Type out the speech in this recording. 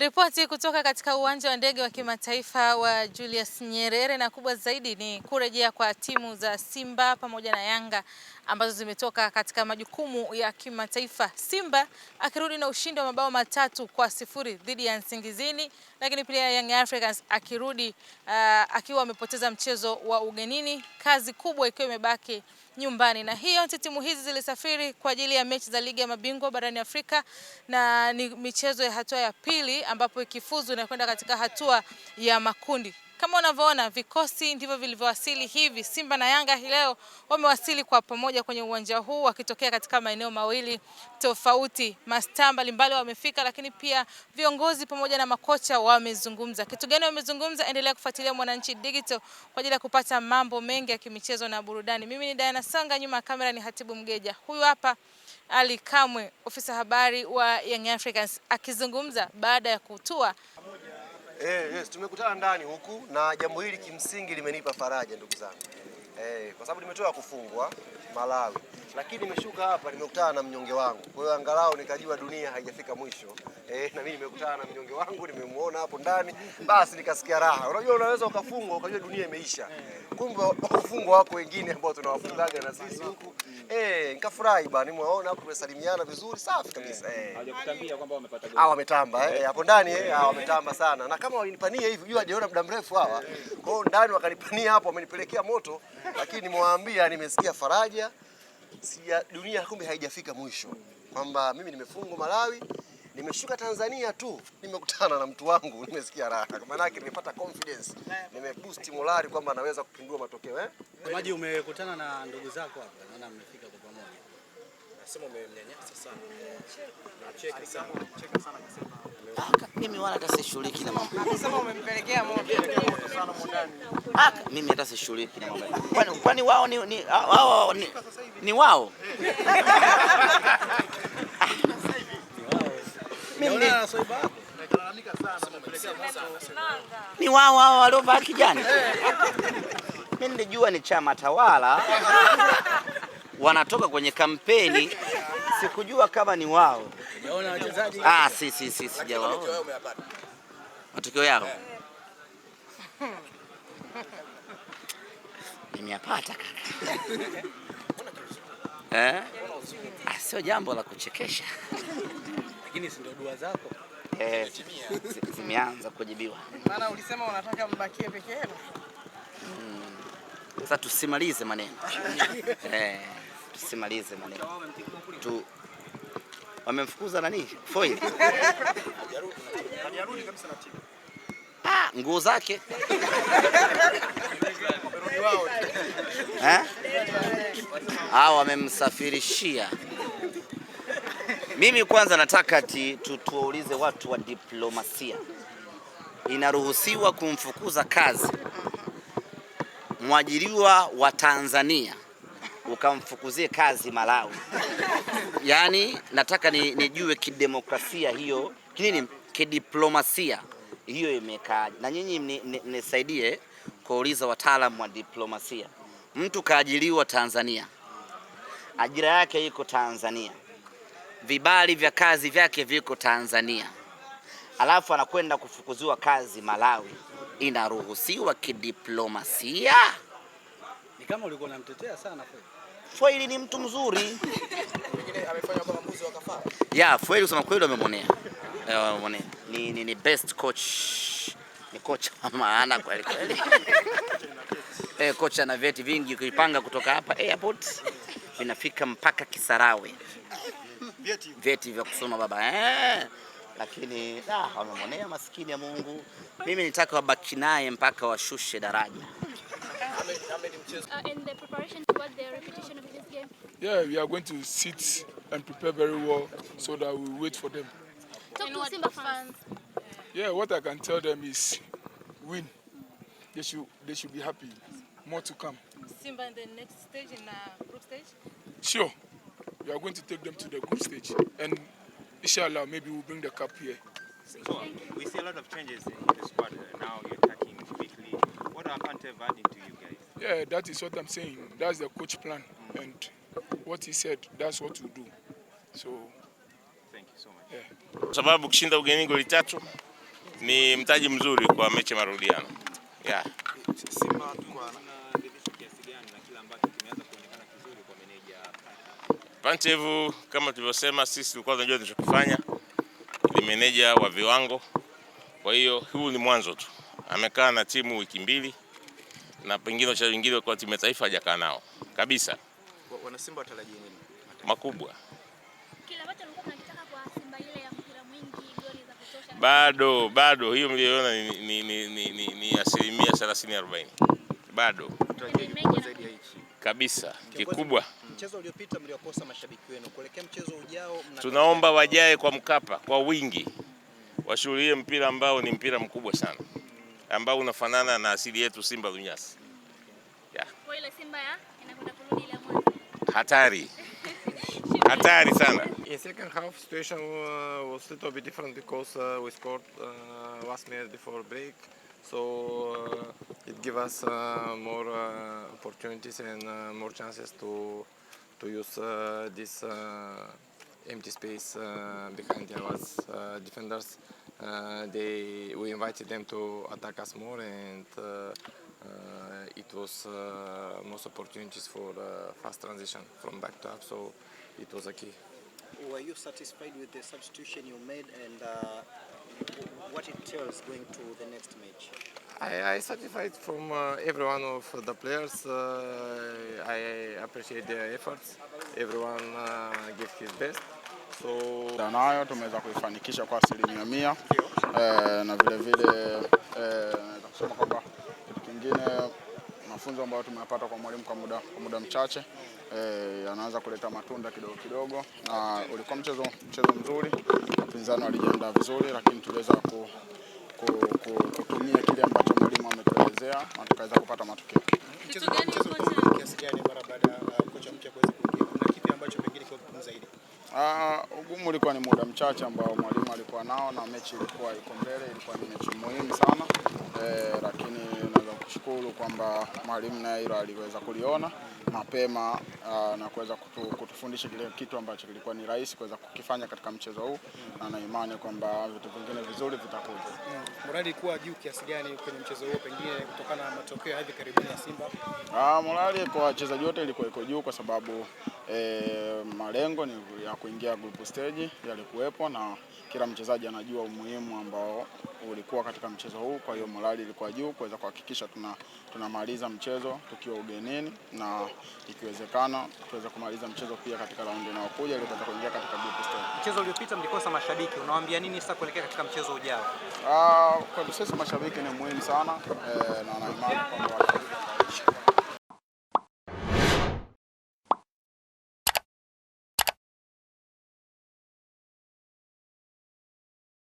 Ripoti kutoka katika uwanja wa ndege wa kimataifa wa Julius Nyerere, na kubwa zaidi ni kurejea kwa timu za Simba pamoja na Yanga ambazo zimetoka katika majukumu ya kimataifa, Simba akirudi na ushindi wa mabao matatu kwa sifuri dhidi ya Nsingizini, lakini pia Young Africans akirudi uh, akiwa amepoteza mchezo wa ugenini, kazi kubwa ikiwa imebaki nyumbani. Na hiyo timu hizi zilisafiri kwa ajili ya mechi za ligi ya mabingwa barani Afrika na ni michezo ya hatua ya pili, ambapo ikifuzu inakwenda katika hatua ya makundi. Kama unavyoona vikosi ndivyo vilivyowasili hivi. Simba na Yanga hii leo wamewasili kwa pamoja kwenye uwanja huu wakitokea katika maeneo mawili tofauti. Mastaa mbalimbali wamefika, lakini pia viongozi pamoja na makocha wamezungumza. Kitu gani wamezungumza? Endelea kufuatilia Mwananchi Digital kwa ajili ya kupata mambo mengi ya kimichezo na burudani. Mimi ni Diana Sanga, nyuma ya kamera ni Hatibu Mgeja. Huyu hapa Ali Kamwe, ofisa habari wa Young Africans akizungumza baada ya kutua Eh, yes, tumekutana ndani huku na jambo hili kimsingi limenipa faraja ndugu zangu. Eh, kwa sababu nimetoka kufungwa Malawi lakini nimeshuka hapa nimekutana na mnyonge wangu. Kwa hiyo angalau nikajua dunia haijafika mwisho. Eh, na mimi nimekutana na mnyonge wangu, nimemuona hapo ndani, basi nikasikia raha. Unajua, unaweza ukafungwa ukajua dunia imeisha, kumbe wafungwa wako wengine ambao tunawafungaga na sisi huku. Eh, nikafurahi bana, nimeona hapo, tumesalimiana vizuri, safi kabisa. Eh, hawajakutambia kwamba wamepata goli? Ah, hawa wametamba eh, hapo ndani eh, hawa ah, wametamba sana, na kama walinipania hivi, jua hajaona muda mrefu hawa. Kwa hiyo ndani wakanipania hapo, wamenipelekea moto, lakini nimewaambia nimesikia faraja sija, dunia kumbe haijafika mwisho, kwamba mimi nimefungwa Malawi, nimeshuka Tanzania tu nimekutana na mtu wangu, nimesikia raha, kwa maana yake nimepata confidence, nimeboost morali kwamba naweza kupindua matokeo eh. Maji, umekutana na ndugu zako hapa maana mmefika kwa pamoja, nasema umemnyanyasa sana, nacheka sana, cheka sana, kasema mimi wala hata sishughuliki na mambo, nasema umempelekea moto Ah, mimi hata sishuriki na mambo kwani, kwani wao ah, ni ni, wao ni, ni wao mimi ni wao wao waliovaa kijani. Eh. Mimi nilijua ni chama tawala wanatoka kwenye kampeni, sikujua kama ni wao. Ah, si si si, sijawaona matokeo yao. Hmm. nimeyapata kaka. Eh? eh? Ah, sio jambo la kuchekesha lakini si ndio dua zako Eh, zimeanza kujibiwa. Maana ulisema unataka mbakie peke yenu. Hmm. Sasa tusimalize maneno eh, tusimalize maneno tu. Wamemfukuza nani? Foil. Hajarudi kabisa na timu nguo zake eh? a wamemsafirishia. Mimi kwanza nataka tuwaulize watu wa diplomasia, inaruhusiwa kumfukuza kazi mwajiriwa wa Tanzania ukamfukuzie kazi Malawi? Yaani nataka nijue ni kidemokrasia hiyo kinini, kidiplomasia hiyo imekaaje? Na nyinyi nisaidie kuuliza wataalamu wa diplomasia, mtu kaajiliwa Tanzania, ajira yake iko Tanzania, vibali vya kazi vyake viko Tanzania, alafu anakwenda kufukuziwa kazi Malawi, inaruhusiwa kidiplomasia? Ni kama ulikuwa unamtetea sana Fweli ni mtu mzuri ya Fweli, kusema kweli, wamemwonea wamemwonea eh, ni, ni, ni best coach, ni kocha maana kweli kweli. Eh, kocha na vyeti vingi, ukipanga kutoka hapa airport vinafika mpaka Kisarawe, vyeti Vyeti vya kusoma baba eh. Lakini ah, wamemonea maskini ya Mungu. Mimi nitaka wabaki naye mpaka washushe daraja. Uh, in the preparation towards the repetition of this game? Yeah, we are going to sit and prepare very well so that we wait for them. Talk to Simba fans. Yeah, what I can tell them is win. They should, they should be happy. More to come. Simba in the next stage, in the uh, group stage? Sure. We are going to take them to the group stage. And inshallah, maybe we'll bring the cup here. So, we see a lot of changes in the squad uh, now. You're attacking quickly. What are Kante adding to you guys? Yeah, that is what I'm saying. That's the coach plan. Mm. And what he said, that's what we do. So kwa sababu kushinda ugenini goli tatu ni mtaji mzuri kwa mechi ya marudiano yeah. Pantev kama tulivyosema, sisi tulikuwa tunajua tunachokifanya, ni meneja wa viwango. Kwa hiyo huu ni mwanzo tu, amekaa na timu wiki mbili na pengine wachezaji wengine kwa timu ya taifa hajakaa nao kabisa. Wanasimba watarajia nini makubwa? Kila watu walikuwa Simba ile ya mpira mwingi, goli za kutosha, bado bado hiyo mliyoona ni, ni, ni, ni, ni, ni asilimia 30 40 bado kabisa kikubwa. Mchezo uliopita mliokosa mashabiki wenu, kuelekea mchezo ujao, tunaomba wajae kwa Mkapa kwa wingi, washuhudie mpira ambao ni mpira mkubwa sana ambao unafanana na asili yetu Simba Lunyasi. Yeah. Hatari. hatari sana. In second half situation uh, was a little bit different because uh, we scored uh, last minute before break, so uh, it gave us uh, more uh, opportunities and uh, more chances to to use uh, this uh, empty space uh, behind Yawas uh, defenders. Uh, they we invited them to attack us more and. Uh, uh, it was uh, most opportunities for uh, fast transition from back to up. So it was a key. Were you satisfied with the substitution you made and uh, what it tells going to the next match? I, I satisfied from uh, every one of the players. Uh, I appreciate their efforts. Everyone uh, gave his best. So nayo tumeweza kuifanikisha kwa asilimia mia eh, na vile vile eh, kusema kwamba kitu kingine mafunzo ambayo tumeyapata kwa mwalimu kwa muda, kwa muda mchache e, yanaanza kuleta matunda kidogo kidogo, na ulikuwa mchezo, mchezo mzuri. Wapinzani walijiandaa vizuri, lakini tuliweza ku, ku, ku, kutumia kile ambacho mwalimu ametuelezea na tukaweza kupata matokeo. Uh, ah, ugumu ulikuwa ni muda mchache ambao mwalimu alikuwa nao na mechi ilikuwa iko mbele, ilikuwa ni mechi muhimu sana eh, lakini kushukuru kwamba mwalimu naye hilo aliweza kuliona mapema uh, na kuweza kutu, kutufundisha kile kitu ambacho kilikuwa ni rahisi kuweza kukifanya katika mchezo huu na na imani kwamba vitu vingine vizuri vitakuja. Morali mm, kuwa juu kiasi gani kwenye mchezo huo pengine kutokana na matokeo hivi karibuni ya Simba? Ah, morali kwa wachezaji wote ilikuwa iko juu kwa sababu eh, malengo ni ya kuingia group stage yalikuwepo na kila mchezaji anajua umuhimu ambao ulikuwa katika mchezo huu. Kwa hiyo morali ilikuwa juu kuweza kuhakikisha tuna tunamaliza mchezo tukiwa ugenini na ikiwezekana tuweza kumaliza mchezo pia katika raundi inayokuja ili tuweza kuingia katika group stage. Mchezo uliopita mlikosa mashabiki, unawaambia nini sasa kuelekea katika mchezo ujao? Ah, kwa sisi mashabiki ni muhimu sana eh, na naimani kwamba